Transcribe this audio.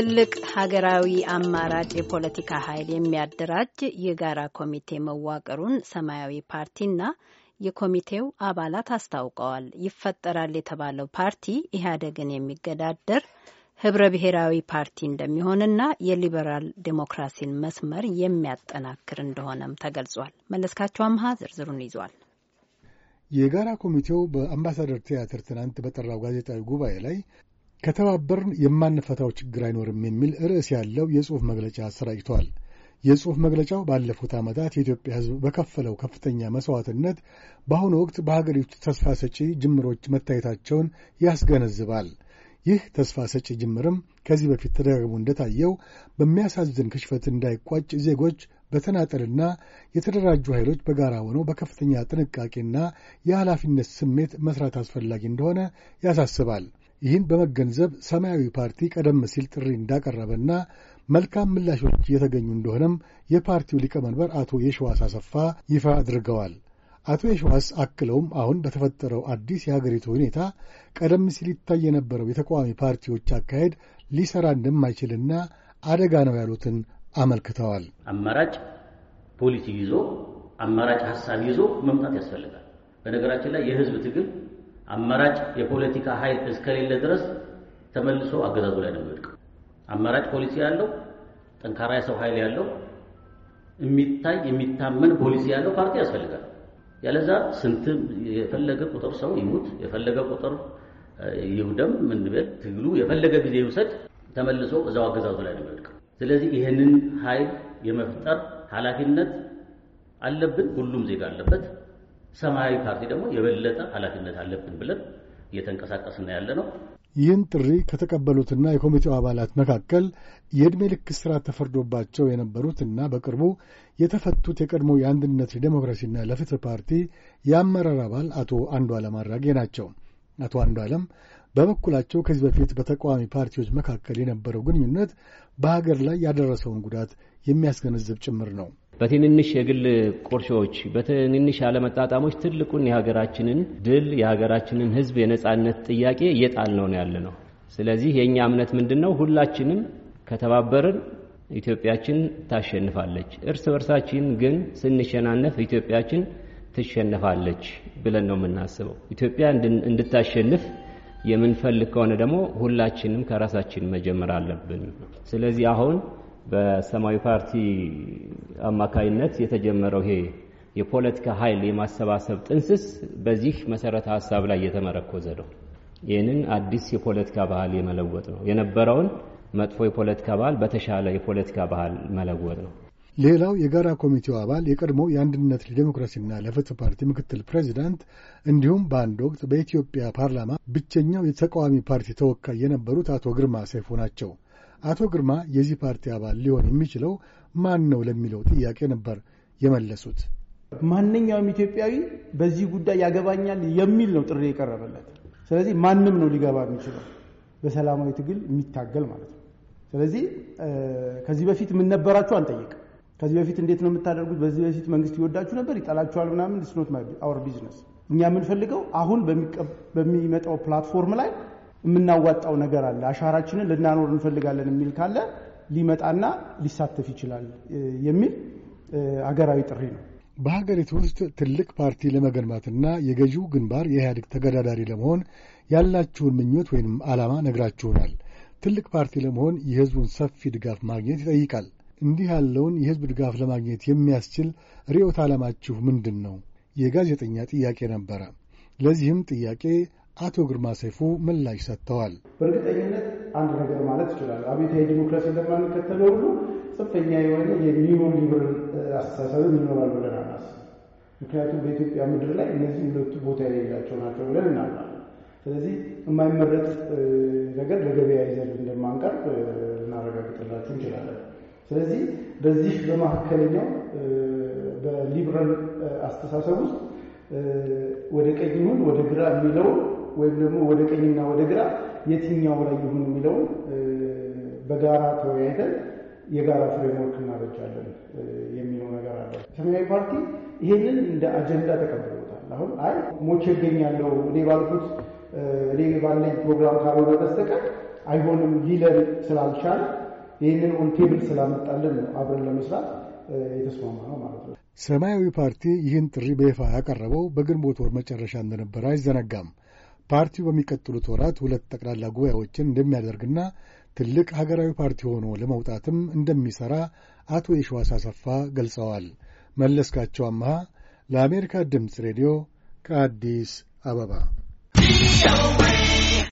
ትልቅ ሀገራዊ አማራጭ የፖለቲካ ኃይል የሚያደራጅ የጋራ ኮሚቴ መዋቅሩን ሰማያዊ ፓርቲና የኮሚቴው አባላት አስታውቀዋል። ይፈጠራል የተባለው ፓርቲ ኢህአዴግን የሚገዳደር ህብረ ብሔራዊ ፓርቲ እንደሚሆንና የሊበራል ዴሞክራሲን መስመር የሚያጠናክር እንደሆነም ተገልጿል። መለስካቸው አምሃ ዝርዝሩን ይዟል። የጋራ ኮሚቴው በአምባሳደር ቲያትር ትናንት በጠራው ጋዜጣዊ ጉባኤ ላይ ከተባበርን የማንፈታው ችግር አይኖርም የሚል ርዕስ ያለው የጽሑፍ መግለጫ አሰራጭቷል። የጽሑፍ መግለጫው ባለፉት ዓመታት የኢትዮጵያ ሕዝብ በከፈለው ከፍተኛ መስዋዕትነት በአሁኑ ወቅት በሀገሪቱ ተስፋ ሰጪ ጅምሮች መታየታቸውን ያስገነዝባል። ይህ ተስፋ ሰጪ ጅምርም ከዚህ በፊት ተደጋግሞ እንደታየው በሚያሳዝን ክሽፈት እንዳይቋጭ ዜጎች በተናጠልና የተደራጁ ኃይሎች በጋራ ሆነው በከፍተኛ ጥንቃቄና የኃላፊነት ስሜት መስራት አስፈላጊ እንደሆነ ያሳስባል። ይህን በመገንዘብ ሰማያዊ ፓርቲ ቀደም ሲል ጥሪ እንዳቀረበና መልካም ምላሾች እየተገኙ እንደሆነም የፓርቲው ሊቀመንበር አቶ የሸዋስ አሰፋ ይፋ አድርገዋል። አቶ የሸዋስ አክለውም አሁን በተፈጠረው አዲስ የሀገሪቱ ሁኔታ ቀደም ሲል ይታይ የነበረው የተቃዋሚ ፓርቲዎች አካሄድ ሊሰራ እንደማይችልና አደጋ ነው ያሉትን አመልክተዋል። አማራጭ ፖሊሲ ይዞ አማራጭ ሀሳብ ይዞ መምጣት ያስፈልጋል። በነገራችን ላይ የህዝብ ትግል አማራጭ የፖለቲካ ኃይል እስከሌለ ድረስ ተመልሶ አገዛዙ ላይ ነው የሚወድቀው። አማራጭ ፖሊሲ ያለው ጠንካራ የሰው ኃይል ያለው የሚታይ የሚታመን ፖሊሲ ያለው ፓርቲ ያስፈልጋል። ያለዛ ስንት የፈለገ ቁጥር ሰው ይሙት፣ የፈለገ ቁጥር ይውደም፣ ምን ቤት ትግሉ የፈለገ ጊዜ ይውሰድ፣ ተመልሶ እዛው አገዛዙ ላይ ነው የሚወድቀው። ስለዚህ ይህንን ኃይል የመፍጠር ኃላፊነት አለብን። ሁሉም ዜጋ አለበት። ሰማያዊ ፓርቲ ደግሞ የበለጠ ኃላፊነት አለብን ብለን እየተንቀሳቀስና ያለ ነው። ይህን ጥሪ ከተቀበሉትና የኮሚቴው አባላት መካከል የዕድሜ ልክ ስራ ተፈርዶባቸው የነበሩትና በቅርቡ የተፈቱት የቀድሞ የአንድነት ለዲሞክራሲና ለፍትህ ፓርቲ የአመራር አባል አቶ አንዱዓለም አራጌ ናቸው። አቶ አንዱዓለም በበኩላቸው ከዚህ በፊት በተቃዋሚ ፓርቲዎች መካከል የነበረው ግንኙነት በሀገር ላይ ያደረሰውን ጉዳት የሚያስገነዝብ ጭምር ነው። በትንንሽ የግል ቁርሾዎች፣ በትንንሽ አለመጣጣሞች ትልቁን የሀገራችንን ድል የሀገራችንን ሕዝብ የነጻነት ጥያቄ እየጣልነው ነው ያለ ነው። ስለዚህ የእኛ እምነት ምንድን ነው? ሁላችንም ከተባበርን ኢትዮጵያችን ታሸንፋለች። እርስ በርሳችን ግን ስንሸናነፍ ኢትዮጵያችን ትሸነፋለች ብለን ነው የምናስበው። ኢትዮጵያ እንድታሸንፍ የምንፈልግ ከሆነ ደግሞ ሁላችንም ከራሳችን መጀመር አለብን። ስለዚህ አሁን በሰማያዊ ፓርቲ አማካይነት የተጀመረው ይሄ የፖለቲካ ኃይል የማሰባሰብ ጥንስስ በዚህ መሰረተ ሀሳብ ላይ እየተመረኮዘ ነው። ይህንን አዲስ የፖለቲካ ባህል የመለወጥ ነው። የነበረውን መጥፎ የፖለቲካ ባህል በተሻለ የፖለቲካ ባህል መለወጥ ነው። ሌላው የጋራ ኮሚቴው አባል የቀድሞ የአንድነት ለዲሞክራሲና ለፍትህ ፓርቲ ምክትል ፕሬዚዳንት እንዲሁም በአንድ ወቅት በኢትዮጵያ ፓርላማ ብቸኛው የተቃዋሚ ፓርቲ ተወካይ የነበሩት አቶ ግርማ ሰይፉ ናቸው። አቶ ግርማ የዚህ ፓርቲ አባል ሊሆን የሚችለው ማን ነው ለሚለው ጥያቄ ነበር የመለሱት። ማንኛውም ኢትዮጵያዊ በዚህ ጉዳይ ያገባኛል የሚል ነው ጥሪ የቀረበለት። ስለዚህ ማንም ነው ሊገባ የሚችለው በሰላማዊ ትግል የሚታገል ማለት ነው። ስለዚህ ከዚህ በፊት የምንነበራችሁ አንጠይቅ። ከዚህ በፊት እንዴት ነው የምታደርጉት? በዚህ በፊት መንግስት ይወዳችሁ ነበር፣ ይጠላችኋል፣ ምናምን ስኖት አወር ቢዝነስ። እኛ የምንፈልገው አሁን በሚመጣው ፕላትፎርም ላይ የምናዋጣው ነገር አለ፣ አሻራችንን ልናኖር እንፈልጋለን የሚል ካለ ሊመጣና ሊሳተፍ ይችላል የሚል አገራዊ ጥሪ ነው። በሀገሪቱ ውስጥ ትልቅ ፓርቲ ለመገንባትና የገዢው ግንባር የኢህአዴግ ተገዳዳሪ ለመሆን ያላችሁን ምኞት ወይም ዓላማ ነግራችሁናል። ትልቅ ፓርቲ ለመሆን የህዝቡን ሰፊ ድጋፍ ማግኘት ይጠይቃል። እንዲህ ያለውን የህዝብ ድጋፍ ለማግኘት የሚያስችል ርዕዮተ ዓላማችሁ ምንድን ነው? የጋዜጠኛ ጥያቄ ነበረ። ለዚህም ጥያቄ አቶ ግርማ ሰይፉ ምላሽ ሰጥተዋል። በእርግጠኝነት አንድ ነገር ማለት ይችላል። አብዮታዊ ዲሞክራሲ ለማንከተለው ሁሉ ጽንፈኛ የሆነ የኒዮ ሊበራል አስተሳሰብ ይኖራል ብለን አናስብ። ምክንያቱም በኢትዮጵያ ምድር ላይ እነዚህ ሁለቱ ቦታ የሌላቸው ናቸው ብለን እናምናለን። ስለዚህ የማይመረጥ ነገር ለገበያ ይዘን እንደማንቀርብ እናረጋግጥላችሁ እንችላለን። ስለዚህ በዚህ በመካከለኛው በሊበራል አስተሳሰብ ውስጥ ወደ ቀኝ ይሁን ወደ ግራ የሚለውን ወይም ደግሞ ወደ ቀኝና ወደ ግራ የትኛው ላይ ይሁን የሚለውን በጋራ ተወያይተን የጋራ ፍሬምወርክ እናበጃለን የሚለው ነገር አለ። ሰማያዊ ፓርቲ ይሄንን እንደ አጀንዳ ተቀብሎታል። አሁን አይ ሞቼ እገኛለሁ እኔ ባልኩት እኔ ባለኝ ፕሮግራም ካልሆነ በስተቀር አይሆንም ሊለን ስላልቻለ ይህንን ኦንቴብል ስላመጣልን ነው አብረን ለመስራት የተስማማ ነው ማለት ነው። ሰማያዊ ፓርቲ ይህን ጥሪ በይፋ ያቀረበው በግንቦት ወር መጨረሻ እንደነበረ አይዘነጋም። ፓርቲው በሚቀጥሉት ወራት ሁለት ጠቅላላ ጉባኤዎችን እንደሚያደርግና ትልቅ ሀገራዊ ፓርቲ ሆኖ ለመውጣትም እንደሚሠራ አቶ የሸዋስ አሰፋ ገልጸዋል። መለስካቸው አመሃ ለአሜሪካ ድምፅ ሬዲዮ ከአዲስ አበባ